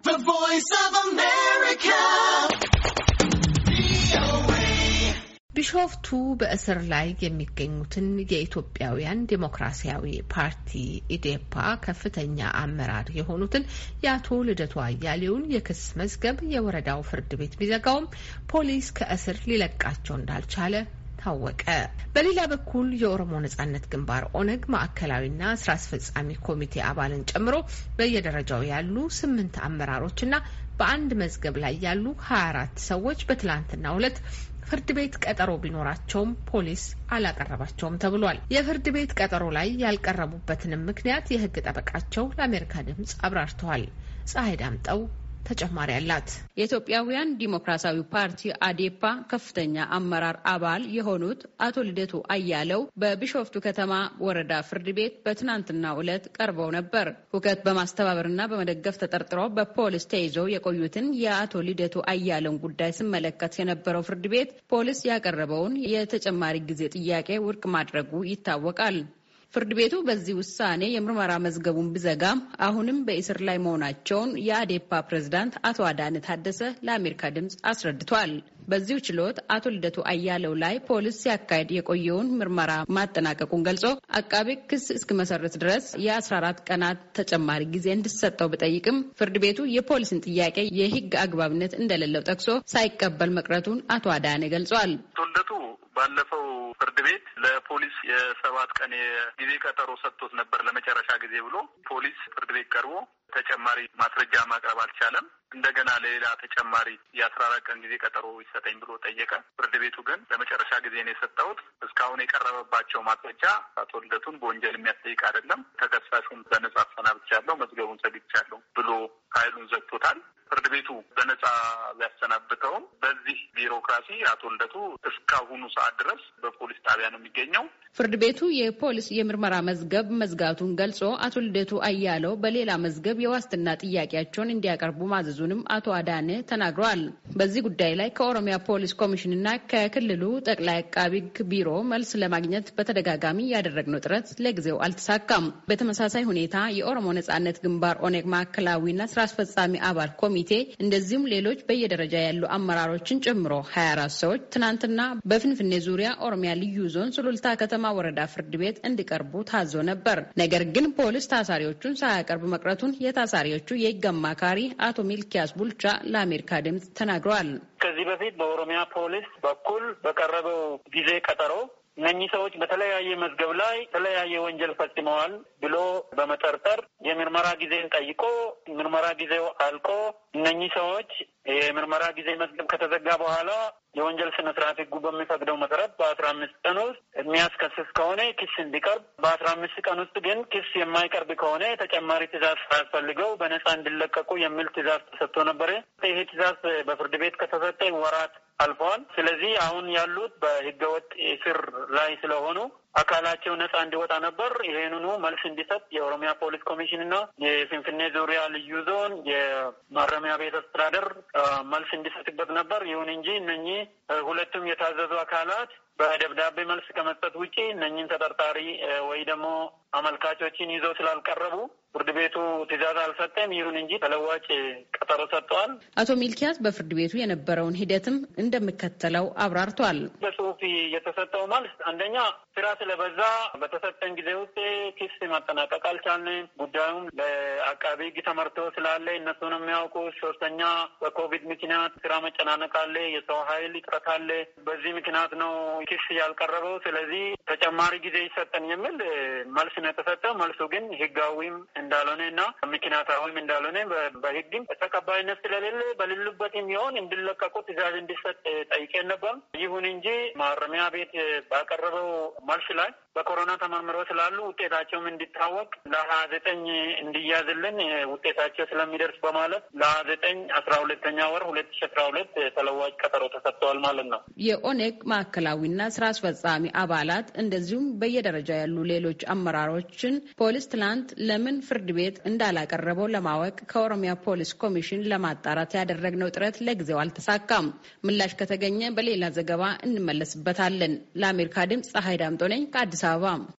The Voice of America. ቢሾፍቱ በእስር ላይ የሚገኙትን የኢትዮጵያውያን ዴሞክራሲያዊ ፓርቲ ኢዴፓ ከፍተኛ አመራር የሆኑትን የአቶ ልደቱ አያሌውን የክስ መዝገብ የወረዳው ፍርድ ቤት ቢዘጋውም ፖሊስ ከእስር ሊለቃቸው እንዳልቻለ ታወቀ። በሌላ በኩል የኦሮሞ ነጻነት ግንባር ኦነግ ማዕከላዊና ስራ አስፈጻሚ ኮሚቴ አባልን ጨምሮ በየደረጃው ያሉ ስምንት አመራሮችና በአንድ መዝገብ ላይ ያሉ ሀያ አራት ሰዎች በትላንትናው ሁለት ፍርድ ቤት ቀጠሮ ቢኖራቸውም ፖሊስ አላቀረባቸውም ተብሏል። የፍርድ ቤት ቀጠሮ ላይ ያልቀረቡበትንም ምክንያት የህግ ጠበቃቸው ለአሜሪካ ድምጽ አብራርተዋል። ፀሐይ ዳምጠው ተጨማሪ አላት። የኢትዮጵያውያን ዲሞክራሲያዊ ፓርቲ አዴፓ ከፍተኛ አመራር አባል የሆኑት አቶ ልደቱ አያለው በቢሾፍቱ ከተማ ወረዳ ፍርድ ቤት በትናንትናው ዕለት ቀርበው ነበር። ሁከት በማስተባበርና በመደገፍ ተጠርጥረው በፖሊስ ተይዘው የቆዩትን የአቶ ልደቱ አያለውን ጉዳይ ስመለከት የነበረው ፍርድ ቤት ፖሊስ ያቀረበውን የተጨማሪ ጊዜ ጥያቄ ውድቅ ማድረጉ ይታወቃል። ፍርድ ቤቱ በዚህ ውሳኔ የምርመራ መዝገቡን ቢዘጋም አሁንም በእስር ላይ መሆናቸውን የአዴፓ ፕሬዝዳንት አቶ አዳነ ታደሰ ለአሜሪካ ድምፅ አስረድቷል። በዚሁ ችሎት አቶ ልደቱ አያለው ላይ ፖሊስ ሲያካሄድ የቆየውን ምርመራ ማጠናቀቁን ገልጾ አቃቤ ክስ እስኪመሰረት ድረስ የ14 ቀናት ተጨማሪ ጊዜ እንዲሰጠው ቢጠይቅም ፍርድ ቤቱ የፖሊስን ጥያቄ የሕግ አግባብነት እንደሌለው ጠቅሶ ሳይቀበል መቅረቱን አቶ አዳነ ገልጿል። አቶ ልደቱ ባለፈው ፍርድ ቤት ለፖሊስ የሰባት ቀን የጊዜ ቀጠሮ ሰጥቶት ነበር ለመጨረሻ ጊዜ ብሎ ፖሊስ ፍርድ ቤት ቀርቦ ተጨማሪ ማስረጃ ማቅረብ አልቻለም። እንደገና ለሌላ ተጨማሪ የአስራ አራት ቀን ጊዜ ቀጠሮ ይሰጠኝ ብሎ ጠየቀ። ፍርድ ቤቱ ግን ለመጨረሻ ጊዜ ነው የሰጠሁት። እስካሁን የቀረበባቸው ማስረጃ አቶ ልደቱን በወንጀል የሚያስጠይቅ አይደለም፣ ተከሳሹን በነጻ አሰናብቻለሁ፣ መዝገቡን ዘግቻለሁ ብሎ ኃይሉን ዘግቶታል። ፍርድ ቤቱ በነጻ ቢያሰናብተውም በዚህ ቢሮክራሲ አቶ ልደቱ እስካሁኑ ሰዓት ድረስ በፖሊስ ጣቢያ ነው የሚገኘው። ፍርድ ቤቱ የፖሊስ የምርመራ መዝገብ መዝጋቱን ገልጾ አቶ ልደቱ አያለው በሌላ መዝገብ የዋስትና ጥያቄያቸውን እንዲያቀርቡ ማዘዙንም አቶ አዳነ ተናግረዋል። በዚህ ጉዳይ ላይ ከኦሮሚያ ፖሊስ ኮሚሽንና ከክልሉ ጠቅላይ አቃቢ ሕግ ቢሮ መልስ ለማግኘት በተደጋጋሚ ያደረግነው ጥረት ለጊዜው አልተሳካም። በተመሳሳይ ሁኔታ የኦሮሞ ነጻነት ግንባር ኦነግ ማዕከላዊና ስራ አስፈጻሚ አባል ኮሚ ኮሚቴ እንደዚሁም ሌሎች በየደረጃ ያሉ አመራሮችን ጨምሮ 24 ሰዎች ትናንትና በፍንፍኔ ዙሪያ ኦሮሚያ ልዩ ዞን ሱሉልታ ከተማ ወረዳ ፍርድ ቤት እንዲቀርቡ ታዞ ነበር። ነገር ግን ፖሊስ ታሳሪዎቹን ሳያቀርብ መቅረቱን የታሳሪዎቹ የህግ አማካሪ አቶ ሚልኪያስ ቡልቻ ለአሜሪካ ድምፅ ተናግረዋል። ከዚህ በፊት በኦሮሚያ ፖሊስ በኩል በቀረበው ጊዜ ቀጠሮ እነኚህ ሰዎች በተለያየ መዝገብ ላይ የተለያየ ወንጀል ፈጽመዋል ብሎ በመጠርጠር የምርመራ ጊዜን ጠይቆ ምርመራ ጊዜው አልቆ እነኚህ ሰዎች የምርመራ ጊዜ መዝገብ ከተዘጋ በኋላ የወንጀል ስነ ስርዓት ህጉ በሚፈቅደው መሰረት በአስራ አምስት ቀን ውስጥ የሚያስከስስ ከሆነ ክስ እንዲቀርብ በአስራ አምስት ቀን ውስጥ ግን ክስ የማይቀርብ ከሆነ ተጨማሪ ትእዛዝ ሳያስፈልገው በነፃ እንዲለቀቁ የሚል ትእዛዝ ተሰጥቶ ነበረ። ይሄ ትእዛዝ በፍርድ ቤት ከተሰጠ ወራት አልፈዋል። ስለዚህ አሁን ያሉት በህገወጥ እስር ላይ ስለሆኑ አካላቸው ነጻ እንዲወጣ ነበር። ይሄንኑ መልስ እንዲሰጥ የኦሮሚያ ፖሊስ ኮሚሽን እና የፊንፊኔ ዙሪያ ልዩ ዞን የማረሚያ ቤት አስተዳደር መልስ እንዲሰጥበት ነበር። ይሁን እንጂ እነኚህ ሁለቱም የታዘዙ አካላት በደብዳቤ መልስ ከመስጠት ውጪ እነኝን ተጠርጣሪ ወይ ደግሞ አመልካቾችን ይዘው ስላልቀረቡ ፍርድ ቤቱ ትዕዛዝ አልሰጠም። ይሁን እንጂ ተለዋጭ ቀጠሮ ሰጥተዋል። አቶ ሚልኪያስ በፍርድ ቤቱ የነበረውን ሂደትም እንደሚከተለው አብራርተዋል። በጽሁፍ የተሰጠው መልስ አንደኛ ስራ ስለበዛ በተሰጠን ጊዜ ውስጥ ክስ ማጠናቀቅ አልቻልንም። ጉዳዩም ለአቃቢ ሕግ ተመርቶ ስላለ እነሱን የሚያውቁ ሶስተኛ በኮቪድ ምክንያት ስራ መጨናነቅ አለ፣ የሰው ኃይል እጥረት አለ። በዚህ ምክንያት ነው ክስ ያልቀረበው። ስለዚህ ተጨማሪ ጊዜ ይሰጠን የሚል መልስ ነው የተሰጠው። መልሱ ግን ህጋዊም እንዳልሆነ እና ምክንያታዊም እንዳልሆነ በህግም ተቀባይነት ስለሌለ በሌሉበትም ይሆን እንዲለቀቁ ትእዛዝ እንዲሰጥ ጠይቄ ነበር። ይሁን እንጂ ማረሚያ ቤት ባቀረበው መልስ ላይ በኮሮና ተመርምረው ስላሉ ውጤታቸውም እንዲታወቅ ለሀያ ዘጠኝ እንዲያዝልን ውጤታቸው ስለሚደርስ በማለት ለሀያ ዘጠኝ አስራ ሁለተኛ ወር ሁለት ሺ አስራ ሁለት ተለዋጭ ቀጠሮ ተሰጥተዋል ማለት ነው። የኦኔግ ማዕከላዊና ስራ አስፈጻሚ አባላት እንደዚሁም በየደረጃ ያሉ ሌሎች አመራሮችን ፖሊስ ትላንት ለምን ፍርድ ቤት እንዳላቀረበው ለማወቅ ከኦሮሚያ ፖሊስ ኮሚሽን ለማጣራት ያደረግነው ጥረት ለጊዜው አልተሳካም። ምላሽ ከተገኘ በሌላ ዘገባ እንመለስበታለን። ለአሜሪካ ድምፅ ፀሐይ ዳምጦ ነኝ ከአዲስ Taiwan